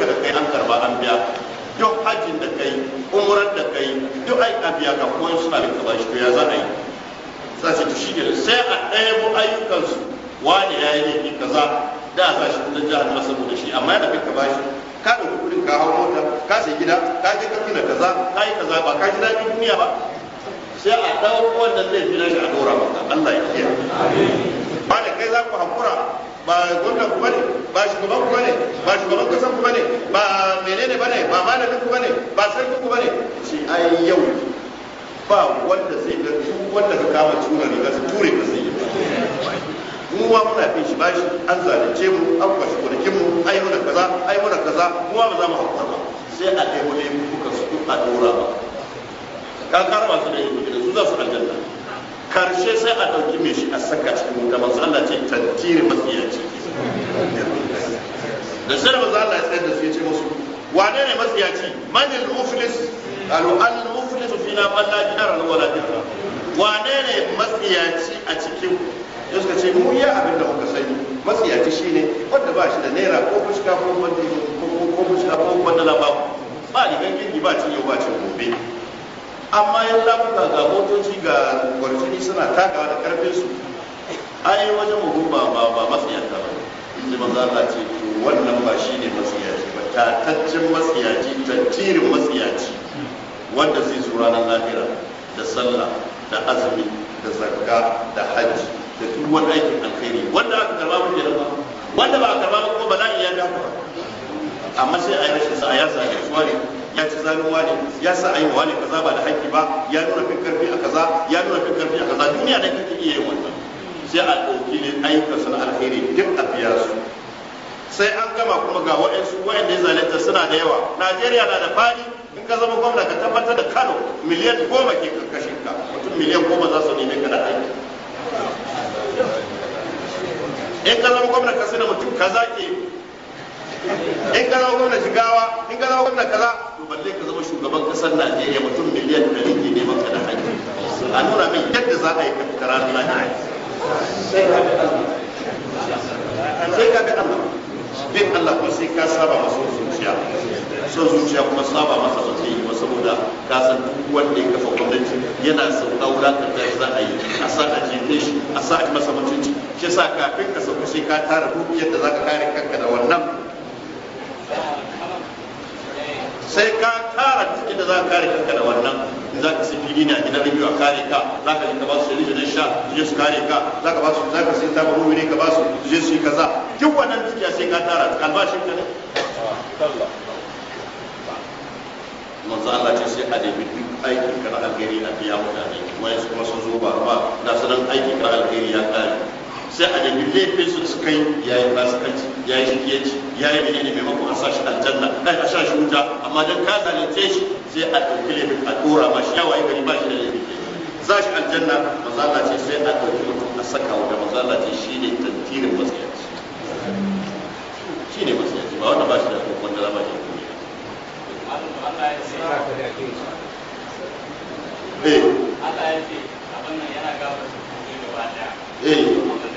ka da kai an karba an biya duk hajjin da kai umurar da kai duk ai a biya ka kuma suna da kaza shi to ya za a yi za ce to shikenan sai a ɗaya bu ayyukansu wani ya yi laifi kaza da za shi ta jihar saboda shi amma yana kai ka shi ka ɗauki kuɗin ka hau mota ka sai gida ka je ka tuna kaza ka yi kaza ba ka ji daɗin duniya ba sai a dauko wannan zai na shi a dora maka Allah ya kiya ba da kai za ku hakura ba gwamnan ku bane ba shugaban ku bane ba shugaban kasan ku bane ba menene bane ba malamin ku bane ba sarki ku bane shi ai yau ba wanda zai ga su wanda ka kama tura ga su ture ba zai yi mu ma muna fi shi bashi an zalunce mu an kwashi gonakin mu ai muna kaza ai muna kaza mu ba za mu hakura ba sai a kai wani ka su a dora ba ka karama su da ilimi su za su aljanna karshe sai a ɗauki mai shi a saka cikin wuta masu Allah ce tantiri matsiyaci da sai da masu Allah ya tsayar da su ya ce musu wane ne matsiyaci manil muflis al muflis fi na balla dinar al wala dinar wane ne matsiyaci a cikin ya suka ce mu ya abin da kuka sani matsiyaci shine wanda ba shi da naira ko fuska ko wanda ko fuska ko wanda la ba ba ligan gindi ba cin yau ba cin gobe amma ya lafuka ga motoci ga kwarfini suna takawa da karfin su ai wajen mu ba ba ba masiyarta ba inji za Allah ce to wannan ba shi ne masiyaci ba tataccen masiyaci tattirin masiyaci wanda zai zura na lahira da sallah da azumi da zakka da hajji da duk wani aikin alkhairi wanda aka karba mun da wanda ba a karba mun ko bala'i ya dafa amma sai a yi rashin sa a yasa a yi ya ci zanen wani ya sa ayi wani kaza ba da haƙƙi ba ya nuna fin karfi a kaza ya nuna fin karfi a kaza duniya da kake iya yin wannan sai a ɗauki ne ayyukan su na alheri duk a biya su sai an gama kuma ga waɗansu waɗanda ya zalunta suna da yawa najeriya na da fadi in ka zama gwamna ka tabbatar da kano miliyan goma ke karkashin ka mutum miliyan goma za su neme ka da aiki in ka zama gwamna ka sai da mutum kaza ke in ka zama gwamna shigawa in ka zama gwamna kaza balle ka zama shugaban kasar najeriya mutum miliyan da ke neman ka da haƙƙi a nuna min yadda za a yi ka fita da lahira sai ka bi Allah sai ka bi Allah bin Allah kuma sai ka saba masa zuciya son zuciya kuma saba masa ba zai yi ba saboda ka san duk wanda ya kafa gwamnati yana sauka da za a yi a sa a jefe shi a sa a masa mutunci shi sa kafin ka sauka sai ka tara dukiyar da za ka kare kanka da wannan sai ka tara cikin da za ka kare kanka da wannan in za ka sai fili ne a gidan rabi a kare ka za ka ka ba su sai da sha su je su kare ka za ka ba su za ka sai ta baro ne ka ba su su je su yi kaza duk wannan dukiya sai ka tara albashin ka ne manzo Allah ce sai a nemi duk aikin kar alheri a biya mutane kuma kuma sun zo ba ba da sanan aikin kar alheri ya kare sai a da laifin su suka yi ya yi fasikanci ya yi shigiyanci ya yi maimakon a sashi aljanna kai a sashi wuta amma dan ka zalunce shi sai a ɗauki laifin a ɗora ma shi yawa ya gari ba shi da laifin za shi aljanna mazala ce sai a ɗauki mutum a saka wuta mazala ce shi ne tantirin matsayaci shi ne ba wanda ba shi da kokon da shi eh. kuma eh.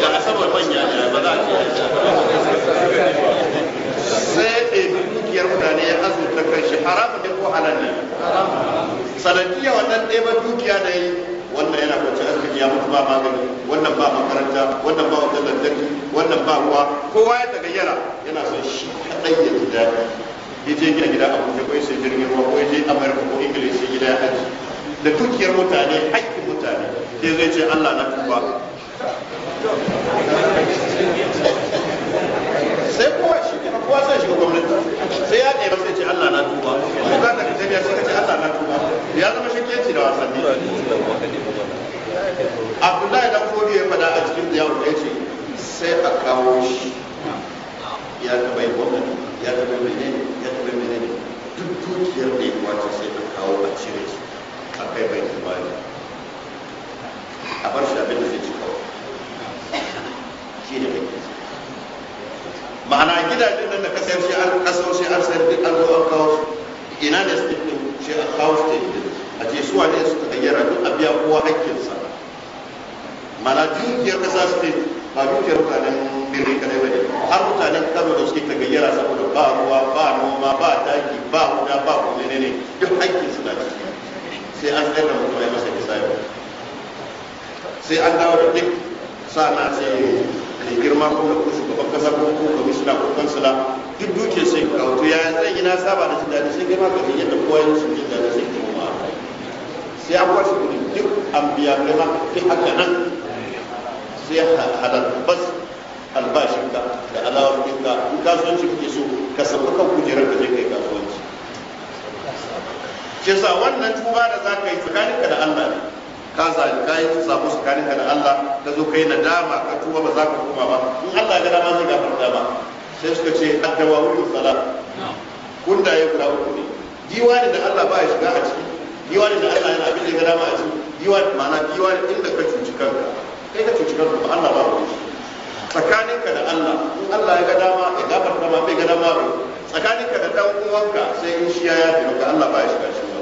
da asabar manya da ba za a sai ɗebi dukiyar mutane ya azurta kan shi haramun ne ko halal ne sanadiyya wannan ɗeban dukiya da yi wannan yana kwanci asibiti ya mutu ba magani wannan ba makaranta wannan ba wajen lantarki wannan ba ruwa kowa ya yara. yana son shi kaɗai ya ji daɗi ya je gida gida a ko ya sai jirgin ruwa ko ya je amurka ko ingila ya sai gida ya aji da dukiyar mutane haƙƙin mutane sai zai ce allah na tuba sai shi kowa sai shiga gwamnati sai ya ɗaya sai ce Allah na tuba bukatar da sai ka ce Allah na tuba ya zama shi da wasanni Abdullahi dan Fodi ya faɗa a cikin ziyarar ya ce sai a kawo shi ya taɓa yi gwamnati ya taɓa yi menene ya taɓa yi menene duk dukiyar da ya kwace sai a kawo a cire shi a kai bai kimani a bar shi abin da zai ci shi ne mai ma'ana gidajen nan da ka shi an kasar shi an sayar duk an zo an kawo su ina ne ɗin shi a kawo su ɗin a ce duk a biya kowa hakkinsa ma'ana dukiyar kasa su ba dukiyar mutanen birni ba ne har mutanen kano da suke tagayyara saboda ba ruwa ba noma ba taki ba wuta ba kuma ne ne duk hakkinsu na ciki sai an tsayar da mutum a masa kisa yau sai an dawo da duk sa'ana ce mai girma ko ko shugaban kasa ko ko kwamishina ko kansila duk duke sai ka kawo ya zai gina saba da jin daɗi sai girma ka yadda kowa ya shi jin daɗi sai ke ma sai an kwashe kuɗi duk an biya girma kai haka nan sai hadar bas albashinka da alawar ɗinka in kasuwanci kuke so ka sabu kan kujerar ka je kai kasuwanci ke sa wannan tuba da za ka yi tsakaninka da Allah ne ka zaɓi ka yi sabo tsakanin ka da Allah ka zo kai nadama ka tuba ba za ka koma ba in Allah ya ga dama zai gafarta ba sai suka ce kun da ya guda uku ne ne da Allah ba ya shiga a ciki ne da Allah yana abin da ya ga dama a ciki ne ma'ana ne inda ka cuci kanka kai ka cuci kanka ba Allah ba ku tsakaninka da Allah in Allah ya ga dama ya gafarta ma bai ga dama ba tsakaninka da dan uwanka sai in shiya ya fi maka Allah ba ya shiga shi ba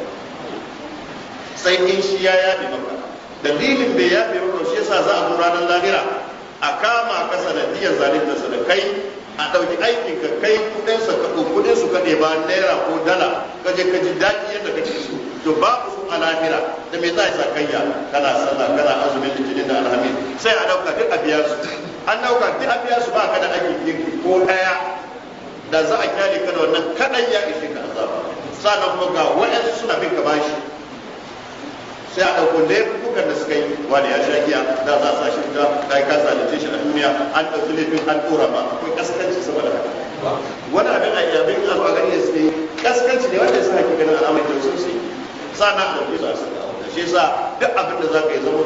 sai in shiya ya fi maka dalilin bai ya fi rukun shi yasa za a zo ranar lahira a kama ka sanadiyar da su da kai a ɗauki aikin ka kai kudin sa ka kudin su ka ɗeba naira ko dala ka je ka ji daɗi yadda kake so to babu su a lahira da me za a kanya kana sallah kana azumin litinin da alhamis sai a ɗauka duk a biya su an ɗauka duk a biya su ba ka da aikin ko ɗaya da za a kyale ka da wannan kaɗan ya ishe ka azaba sannan kuma ga waɗansu suna bin ka bashi sai a ɗauko laifukan da suka yi wani ya sha giya da za a sa shi da kai ka zalunce shi a duniya an ɗauki laifin an ɗora ba akwai kaskanci sama da haka wani abin a yi abin a gani da suke kaskanci ne wanda ya sa ke ganin al'amari da sai sa na ɗauki za su a shi sa duk abin da za ka yi zama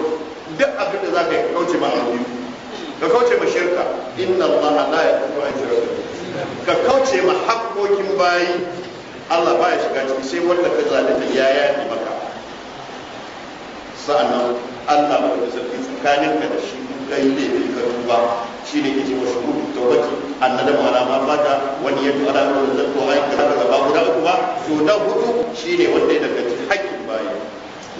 duk abin da za ka yi kauce ma abu biyu ka kauce ma shirka inna allaha la yaghfiru an yushraka ka kauce ma hakkokin bayi Allah ba ya shiga ciki sai wanda ka zalunta ya yaƙi ba sa'annan Allah ba da sarki tsakanin ka da shi kai ne da ka ruba shi ne yake wa shuhud tawbati annada ma la ma fata wani ya fara da zakko ai ka da zaba guda uku ba so da hudu ne wanda ya daga cikin haƙƙin bayi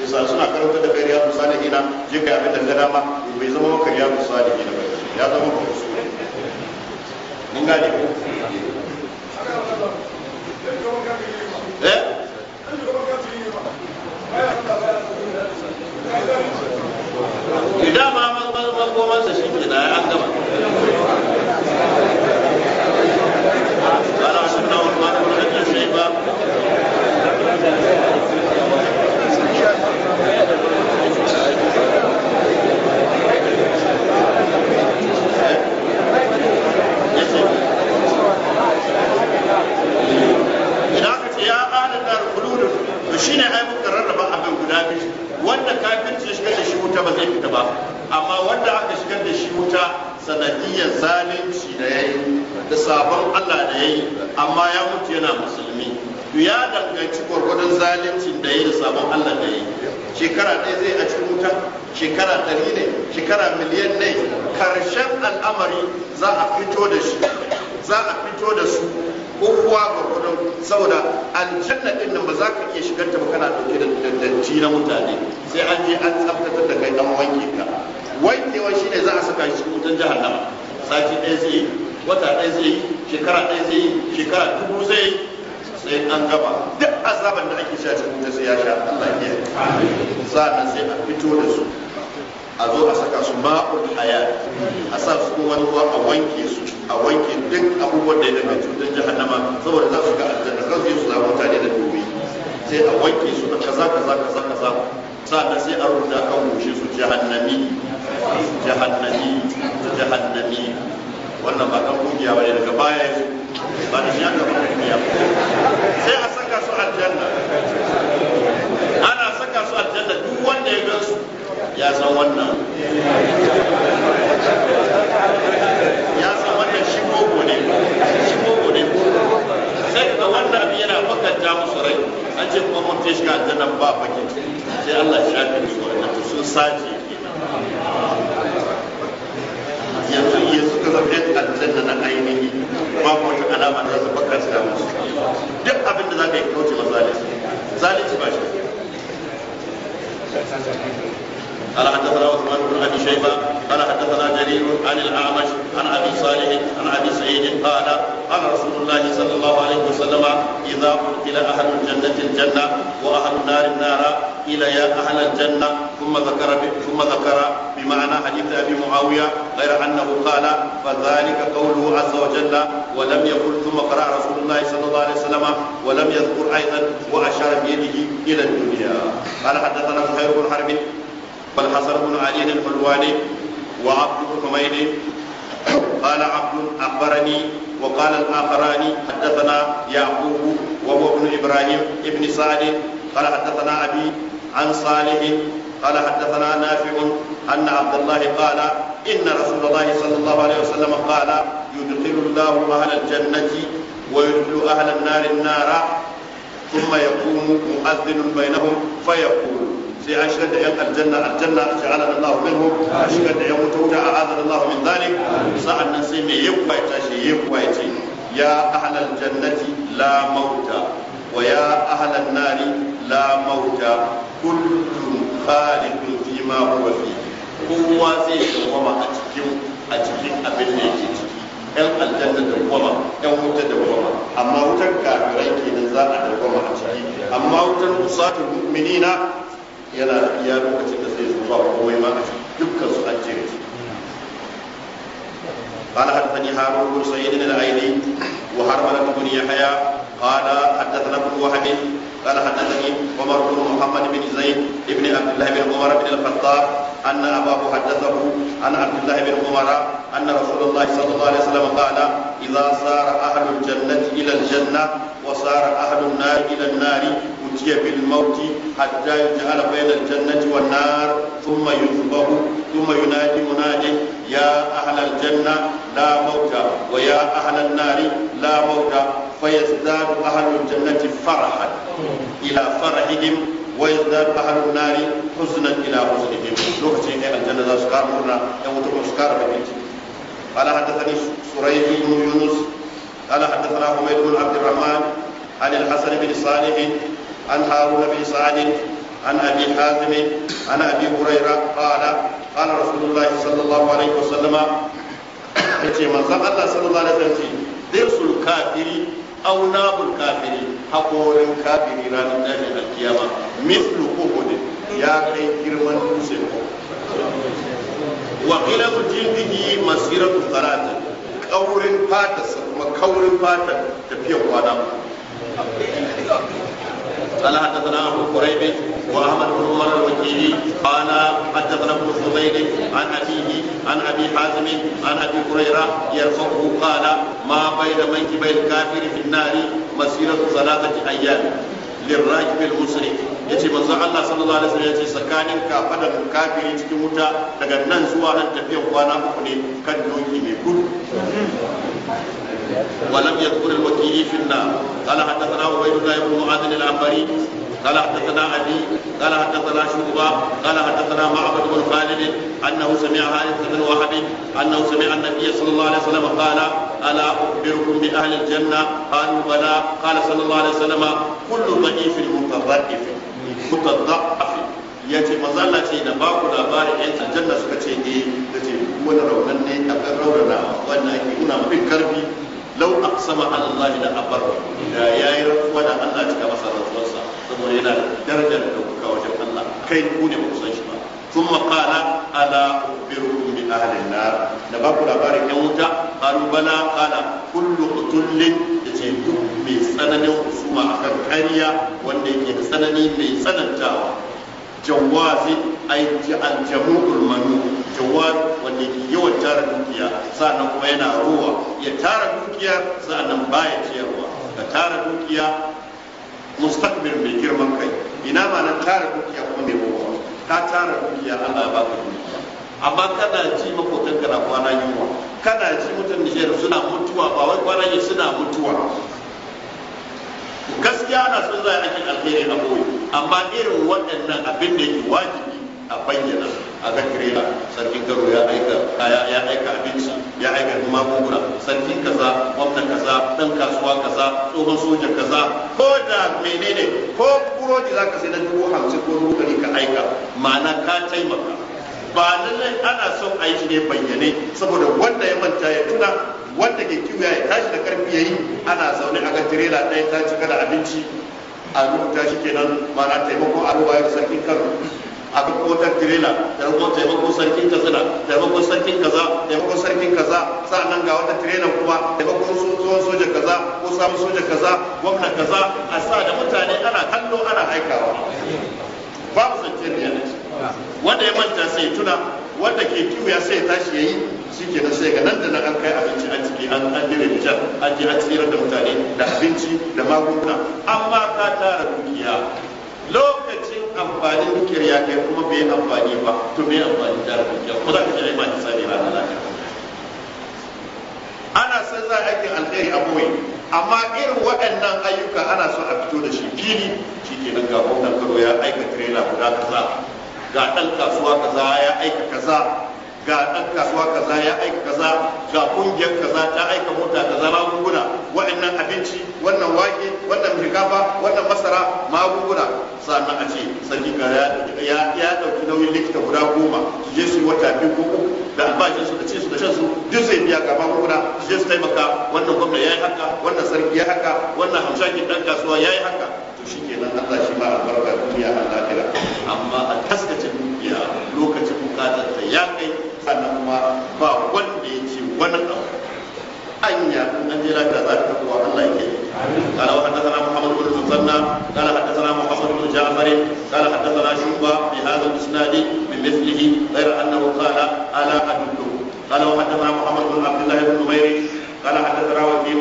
yasa suna karanta da kai riyadu salihina je ka abin da gada ma bai zama maka sani ina ba ya zama ba su mun gane ne. idan ma man goman sa shi ke da ya gama قال حسبنا عثمان بن ابي شيبه Shine ai wanda kafirci ya shigar da shi wuta ba zai fita ba amma wanda aka shigar da shi wuta sanadiyar zalunci da ya yi da sabon Allah da ya yi amma ya mutu yana musulmi ya danganci gwargwadon zaluncin da ya yi da sabon Allah da ya yi shekara ɗaya zai a cikin wuta shekara ɗari ne shekara miliyan ne karshen al'amari za a fito da shi za a fito da su kowa gwargwadon saboda aljanna din nan ba za ka iya shigar ta ba kana dauke da dandanci na mutane sai an je an tsaftatar da kai an wanke ka wankewa shine za a saka shi wutan jahannama sati ɗaya zai yi wata ɗaya zai yi shekara ɗaya zai yi shekara dubu zai yi sai an gaba duk azaban da ake sha cikin ta sai ya sha Allah ya yi sa'an sai a fito da su a zo a saka su ma'ul haya a sa su ko wani ruwa a wanke su a wanke duk abubuwan da ya daga cutar jahannama saboda za su ga aljanna kan su zama mutane da dobe sai a wanke su da kaza kaza kaza kaza sa'an sai a rubuta a goshe su jahannami jahannami jahannami wannan ba kan kungiya bane daga baya yanzu ba da shi aka fara kungiya sai a saka su aljanna ana saka su aljanna duk wanda ya su. ya san wannan ya san wannan shi gogo ne shi gogo ne sai da wannan abin yana bakanta musu rai an ce kuma mun ce shi ka aljanna ba fakin sai Allah ya ne musu wannan sun sace yanzu iya suka zama yan aljanna na ainihi ba mu wata alama da zaba kansa musu duk abin da za ka yi kauce ma zalici ba shi قال حدثنا عثمان بن ابي شيبه قال حدثنا جرير عن الاعمش عن ابي صالح عن ابي سعيد قال قال رسول الله صلى الله عليه وسلم اذا قتل اهل الجنه الجنه واهل النار النار قيل يا اهل الجنه ثم ذكر ثم ذكر بمعنى حديث ابي معاويه غير انه قال فذلك قوله عز وجل ولم يقل ثم قرا رسول الله صلى الله عليه وسلم ولم يذكر ايضا واشار بيده الى الدنيا قال حدثنا زهير بن حرب والحسن بن علي الحلواني وعبد بن حميد قال عبد أخبرني وقال الآخران حدثنا يعقوب وهو ابن إبراهيم ابن سعد قال حدثنا أبي عن صالح قال حدثنا نافع أن عبد الله قال إن رسول الله صلى الله عليه وسلم قال يدخل الله أهل الجنة ويدخل أهل النار النار ثم يقوم مؤذن بينهم فيقول sai an shigar da yan aljanna aljanna ja'alana Allah minhum an shigar da yan wuta wuta a'adana Allah min dhalik sa'annan sai mai yakwaita shi yakwaita ya ahlal jannati la mauta wa ya ahlan nari la mauta kullun khalidun fima huwa fi kowa zai dawama a cikin a cikin abin da yake ciki yan aljanna da dawama yan wuta da dawama amma wutar kafirai kenan za a dawama a ciki amma wutar usatul mu'minina yana iya lokacin da zai zo ba komai ma a dukkan su an jere su قال حدثني هارون بن سعيد الايلي وهرمله بن يحيى قال حدثنا ابن وهب قال حدثني عمر بن محمد بن زيد بن عبد الله بن عمر بن الخطاب ان اباه حدثه عن عبد الله بن عمر ان رسول الله صلى الله عليه وسلم قال اذا سار اهل الجنه الى الجنه وسار اهل النار الى النار أوتي بالموت حتى يجعل بين الجنة والنار ثم يذبح ثم ينادي مناد يا أهل الجنة لا موت ويا أهل النار لا موت فيزداد أهل الجنة فرحا إلى فرحهم ويزداد أهل النار حزنا إلى حزنهم لوكتين الجنة أشكار مرنا يموتون أشكار بكتين قال حدثني سريج بن يونس قال حدثنا حميد بن عبد الرحمن عن الحسن بن صالح عن هارون بن سعد عن ابي حازم عن ابي هريره قال قال رسول الله صلى الله عليه وسلم yace manzon Allah sallallahu alaihi wasallam dirsul kafiri aw nabul kafiri hakorin kafiri ranar tashin alkiyama mithlu uhud ya kai girman dutse wa qila jindihi masiratu qaratin kaurin fata kuma kaurin fata tafiyar kwana قال حدثنا ابو قريب واحمد بن عمر الوكيلي قال حدثنا ابن زبير عن ابيه عن ابي حازم عن ابي هريره يرفعه قال ما بين منكبي الكافر في النار مسيره ثلاثه ايام للراكب المسرف yace manzon Allah sallallahu alaihi wasallam yace tsakanin kafadar kafiri cikin wuta daga nan zuwa nan tafiyan kwana uku ne kan doki mai gudu ولم يذكر الوكيل في النار قال حدثنا عبيد الله بن معاذ العنبري قال حدثنا ابي قال حدثنا شعبه قال حدثنا معبد بن خالد انه سمع حارث بن وهب انه سمع النبي صلى الله عليه وسلم قال الا اخبركم باهل الجنه قالوا بلى قال صلى الله عليه وسلم كل ضعيف متضعف متضعف ya ce mazala ce da ba ku labarin yan aljanna suka ce eh da ce wani raunan ne a kan raunana wannan ake nuna mafi karfi lau sama Allah la abar da yi rantsuwa da Allah cika masa rantsuwarsa saboda yana darajar da kuka wajen Allah kai ku ne san shi ba ثم قال ألا أخبركم بأهل النار نبقى لبارك يوتا قالوا بلى قال كل قتل يجيكم من سنن وخصومة أخر كاريا والذي سنن من سنن جاوة جواز أي الجموع المنوع jawar wanda ke yawan tara dukiya sa'annan kuma yana ruwa ya tara dukiya sa'annan baya ciyarwa ka tara dukiya mustaqbil mai girman kai ina ma na tara dukiya kuma mai rowa ka tara dukiya Allah ya baka dukiya amma kana ji makotan kana kwana yunwa kana ji da Nijar suna mutuwa ba wai kwana yi suna mutuwa gaskiya ana son za a yi aikin alheri a amma irin waɗannan abin da yake wajibi a bayyana a zakariya sarkin garo ya aika kaya ya aika abinci ya aika magunguna sarkin kaza gwamna kaza dan kasuwa kaza tsohon soja kaza ko da menene ko burodi zaka sai na dubu hamsin ko dubu ɗari ka aika ma'ana ka taimaka ba lallai ana son a yi shi ne bayyane saboda wanda ya manta ya tuna wanda ke kiwa ya tashi da karfi ya yi ana zaune a ga tirela ɗaya ta cika da abinci a rubuta shi kenan ma'ana taimako a rubayar sarkin karo a duk kotar tirela taimakon taimakon sarkin katsina taimakon sarkin kaza taimakon sarkin kaza nan ga wata tirela kuma taimakon tsohon soja kaza ko samun soja kaza gwamna kaza a sa da mutane ana kallo ana aikawa babu zancen reality wanda ya manta sai tuna wanda ke tuya sai ya tashi ya yi shi ke nan sai ga nan da nan an kai abinci a ciki an an dire bijan an je an tsirar da mutane da abinci da magunguna amma ka tara dukiya lokacin amfani da ya kai kuma bai amfani ba to bai amfani da dukiya ko za ka ji ma hisabi ranar lahira ana san za a aikin alkhairi a amma irin waɗannan ayyuka ana so a fito da shi fili shi ke nan ga gwamnan karo ya aika tirela guda kaza ga ɗan kasuwa kaza ya aika kaza ga ɗan kasuwa kaza ya aika kaza ga kungiyar kaza ta aika mota kaza magunguna waɗannan abinci wannan wake wannan shinkafa wannan masara magunguna sannan a ce sarki ga ya ya dauki nauyin likita guda goma su je su yi wata biyu ko uku da albashin su da ce su da shan su duk zai biya ga magunguna su je su taimaka wannan gwamna ya yi haka wannan sarki ya haka wannan hamshakin ɗan kasuwa ya yi haka to shi kenan Allah shi ma albarka duniya a lafiya amma a anya in an je lafiya za ta kowa Allah ya kiyaye قال وحدثنا محمد بن المثنى قال حدثنا محمد بن جعفر قال حدثنا شعبة بهذا الإسناد بمثله غير أنه قال ألا أدله قال وحدثنا محمد بن عبد الله بن نمير قال حدثنا وكيع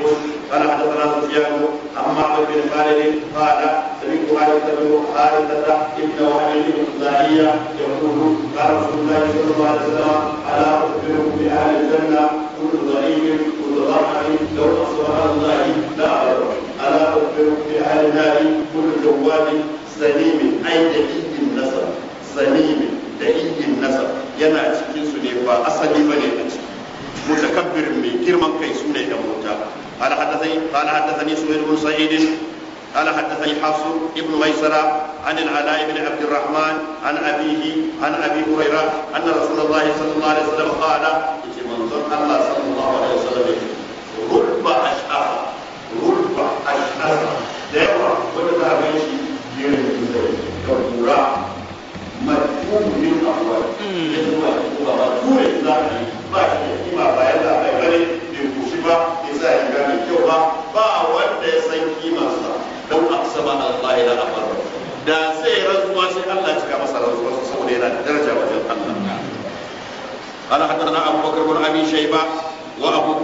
قال حدثنا سفيان عن معبد بن خالد قال سمعت حارث بن حارثة ابن وهب بن الزاهية يقول قال رسول الله صلى الله عليه وسلم ألا أخبركم بأهل الجنة كل ضعيف الرحم لو أصبح الله لا أبره ألا أخبرك بأهل النار كل جواد سليم أي دقيق النسب سليم دقيق النسب ينا cikin su ne ba asali bane a ciki متكبر mai girman kai sune da mota قال حدثني قال حدثني سهيل بن سعيد قال حدثني حفص بن ميسرة عن العلاء بن عبد الرحمن عن أبيه عن أبي هريرة أن رسول الله صلى الله عليه وسلم قال منظر الله صلى الله عليه وسلم رب أشعر رب أشعر دعوة ولا تعيش يوم كبرى مدفوع من أول يسوع هو مدفوع إلى ما يجب ما يجب ما يجب ما يجب ما يجب ما يجب ما يجب sama Allah ila abar da sai razuwa sai Allah cika masa razuwa saboda yana da daraja wajen Allah ana hadda na Abu Bakar bin Abi Shayba wa Abu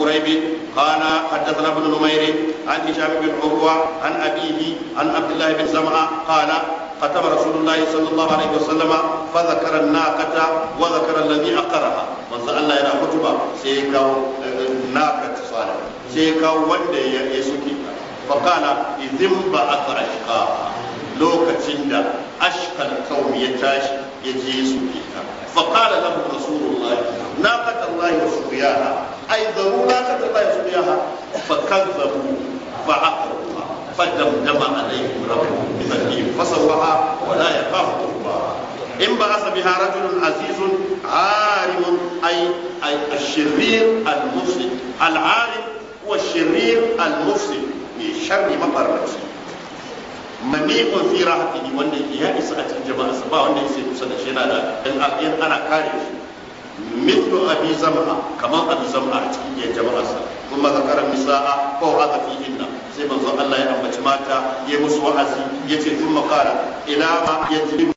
kana na Ibn Umayr an Hisham bin Urwa an Abihi an Abdullah bin sama kana ختم رسول الله صلى الله عليه وسلم فذكر فقال إذن بعث أشقاها لوكا تندا أشقى القوم يتاش يجيس بيها فقال له رسول الله ناقة الله وسقياها أي ضرورة ناقة الله وسقياها فكذبوا فعقروها فدمدم عليهم ربهم بذنبهم فصبها ولا يخاف إن بعث بها رجل عزيز عارم أي أي الشرير المفسد العارم هو الشرير المفسد mai sharri mafarraci mani'un fi rahatihi wanda yake ya isa a cikin jama'a ba wanda yake kusa da shi yana da in ana kare shi mithlu abi zam'a kamar abi zam'a a cikin yan jama'arsa kuma zakara misa'a ko haka fi inna sai manzo Allah ya ambaci mata ya musu wa'azi yace thumma qala ila ma yajlibu